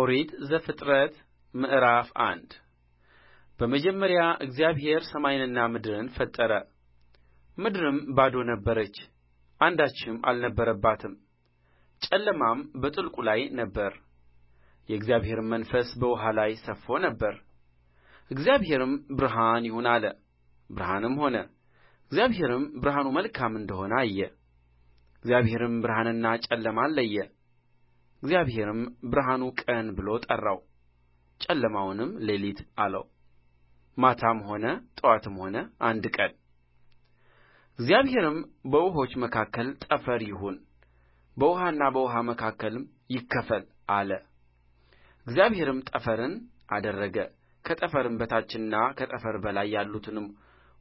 ኦሪት ዘፍጥረት ምዕራፍ አንድ በመጀመሪያ እግዚአብሔር ሰማይንና ምድርን ፈጠረ። ምድርም ባዶ ነበረች፣ አንዳችም አልነበረባትም፣ ጨለማም በጥልቁ ላይ ነበር፣ የእግዚአብሔርም መንፈስ በውኃ ላይ ሰፎ ነበር። እግዚአብሔርም ብርሃን ይሁን አለ፣ ብርሃንም ሆነ። እግዚአብሔርም ብርሃኑ መልካም እንደሆነ አየ። እግዚአብሔርም ብርሃንና ጨለማን ለየ። እግዚአብሔርም ብርሃኑ ቀን ብሎ ጠራው ጨለማውንም ሌሊት አለው ማታም ሆነ ጥዋትም ሆነ አንድ ቀን እግዚአብሔርም በውኆች መካከል ጠፈር ይሁን በውኃና በውኃ መካከልም ይከፈል አለ እግዚአብሔርም ጠፈርን አደረገ ከጠፈርም በታችና ከጠፈር በላይ ያሉትንም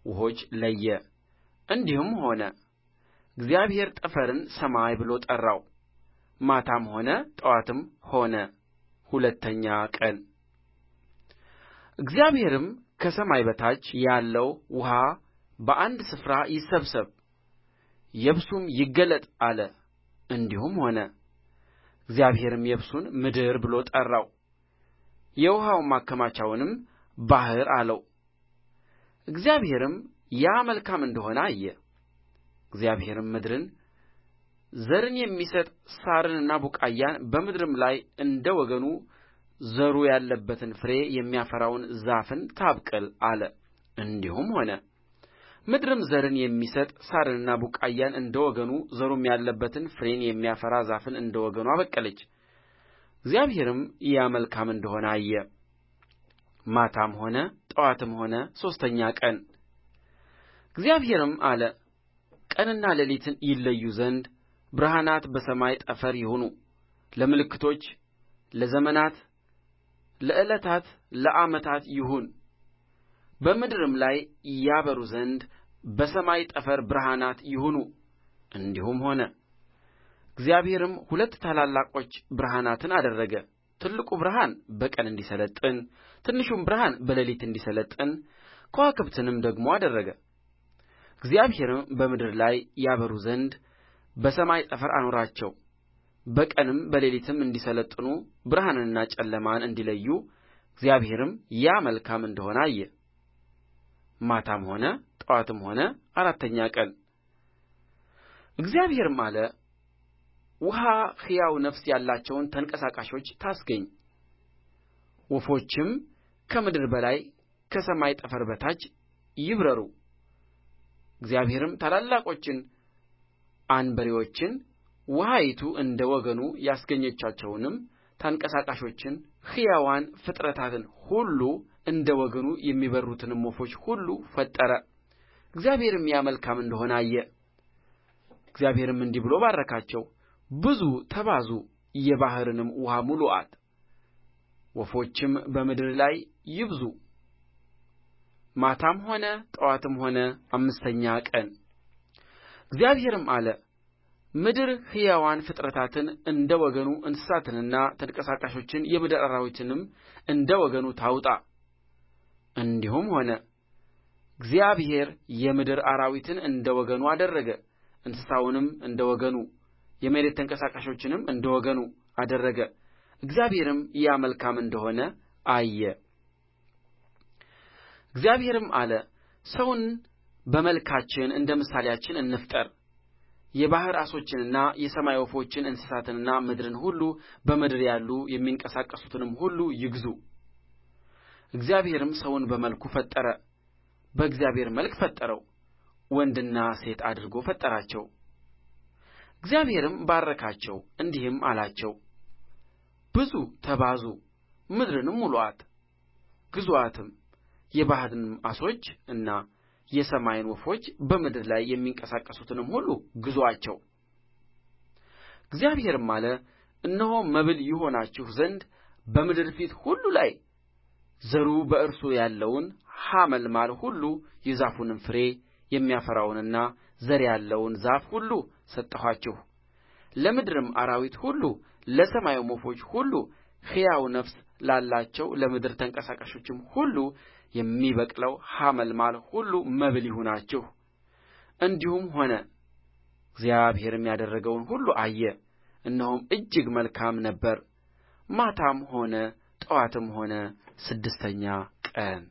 ውኆች ለየ እንዲህም ሆነ እግዚአብሔር ጠፈርን ሰማይ ብሎ ጠራው ማታም ሆነ ጥዋትም ሆነ ሁለተኛ ቀን እግዚአብሔርም ከሰማይ በታች ያለው ውኃ በአንድ ስፍራ ይሰብሰብ የብሱም ይገለጥ አለ እንዲሁም ሆነ እግዚአብሔርም የብሱን ምድር ብሎ ጠራው የውኃውን ማከማቻውንም ባሕር አለው እግዚአብሔርም ያ መልካም እንደ ሆነ አየ እግዚአብሔርም ምድርን ዘርን የሚሰጥ ሣርንና ቡቃያን በምድርም ላይ እንደ ወገኑ ዘሩ ያለበትን ፍሬ የሚያፈራውን ዛፍን ታብቅል አለ እንዲሁም ሆነ ምድርም ዘርን የሚሰጥ ሣርንና ቡቃያን እንደ ወገኑ ዘሩም ያለበትን ፍሬን የሚያፈራ ዛፍን እንደ ወገኑ አበቀለች እግዚአብሔርም ያ መልካም እንደሆነ አየ ማታም ሆነ ጠዋትም ሆነ ሦስተኛ ቀን እግዚአብሔርም አለ ቀንና ሌሊትን ይለዩ ዘንድ ብርሃናት በሰማይ ጠፈር ይሁኑ ለምልክቶች ለዘመናት ለዕለታት ለዓመታት ይሁን በምድርም ላይ ያበሩ ዘንድ በሰማይ ጠፈር ብርሃናት ይሁኑ እንዲሁም ሆነ እግዚአብሔርም ሁለት ታላላቆች ብርሃናትን አደረገ ትልቁ ብርሃን በቀን እንዲሰለጥን ትንሹም ብርሃን በሌሊት እንዲሰለጥን ከዋክብትንም ደግሞ አደረገ እግዚአብሔርም በምድር ላይ ያበሩ ዘንድ በሰማይ ጠፈር አኖራቸው በቀንም በሌሊትም እንዲሠለጥኑ ብርሃንንና ጨለማን እንዲለዩ እግዚአብሔርም ያ መልካም እንደ ሆነ አየ ማታም ሆነ ጥዋትም ሆነ አራተኛ ቀን እግዚአብሔርም አለ ውኃ ሕያው ነፍስ ያላቸውን ተንቀሳቃሾች ታስገኝ ወፎችም ከምድር በላይ ከሰማይ ጠፈር በታች ይብረሩ እግዚአብሔርም ታላላቆችን አንበሬዎችን ውኃይቱ እንደ ወገኑ ያስገኘቻቸውንም ተንቀሳቃሾችን ሕያዋን ፍጥረታትን ሁሉ እንደ ወገኑ የሚበሩትንም ወፎች ሁሉ ፈጠረ እግዚአብሔርም ያ መልካም እንደ ሆነ አየ እግዚአብሔርም እንዲህ ብሎ ባረካቸው ብዙ ተባዙ የባሕርንም ውኃ ሙሉአት ወፎችም በምድር ላይ ይብዙ ማታም ሆነ ጥዋትም ሆነ አምስተኛ ቀን እግዚአብሔርም አለ ምድር ሕያዋን ፍጥረታትን እንደ ወገኑ እንስሳትንና ተንቀሳቃሾችን የምድር አራዊትንም እንደ ወገኑ ታውጣ እንዲሁም ሆነ እግዚአብሔር የምድር አራዊትን እንደ ወገኑ አደረገ እንስሳውንም እንደ ወገኑ የመሬት ተንቀሳቃሾችንም እንደ ወገኑ አደረገ እግዚአብሔርም ያ መልካም እንደሆነ አየ እግዚአብሔርም አለ ሰውን በመልካችን እንደ ምሳሌአችን እንፍጠር የባሕር ዓሦችንና የሰማይ ወፎችን እንስሳትንና ምድርን ሁሉ በምድር ያሉ የሚንቀሳቀሱትንም ሁሉ ይግዙ እግዚአብሔርም ሰውን በመልኩ ፈጠረ በእግዚአብሔር መልክ ፈጠረው ወንድና ሴት አድርጎ ፈጠራቸው እግዚአብሔርም ባረካቸው እንዲህም አላቸው ብዙ ተባዙ ምድርንም ሙሉአት ግዙአትም የባሕርንም ዓሦች እና የሰማይን ወፎች በምድር ላይ የሚንቀሳቀሱትንም ሁሉ ግዙአቸው እግዚአብሔርም አለ እነሆ መብል ይሆናችሁ ዘንድ በምድር ፊት ሁሉ ላይ ዘሩ በእርሱ ያለውን ሐመልማል ሁሉ የዛፉንም ፍሬ የሚያፈራውንና ዘር ያለውን ዛፍ ሁሉ ሰጠኋችሁ። ለምድርም አራዊት ሁሉ፣ ለሰማይም ወፎች ሁሉ ሕያው ነፍስ ላላቸው ለምድር ተንቀሳቃሾችም ሁሉ የሚበቅለው ሐመልማል ሁሉ መብል ይሁናችሁ እንዲሁም ሆነ እግዚአብሔርም ያደረገውን ሁሉ አየ እነሆም እጅግ መልካም ነበረ ማታም ሆነ ጥዋትም ሆነ ስድስተኛ ቀን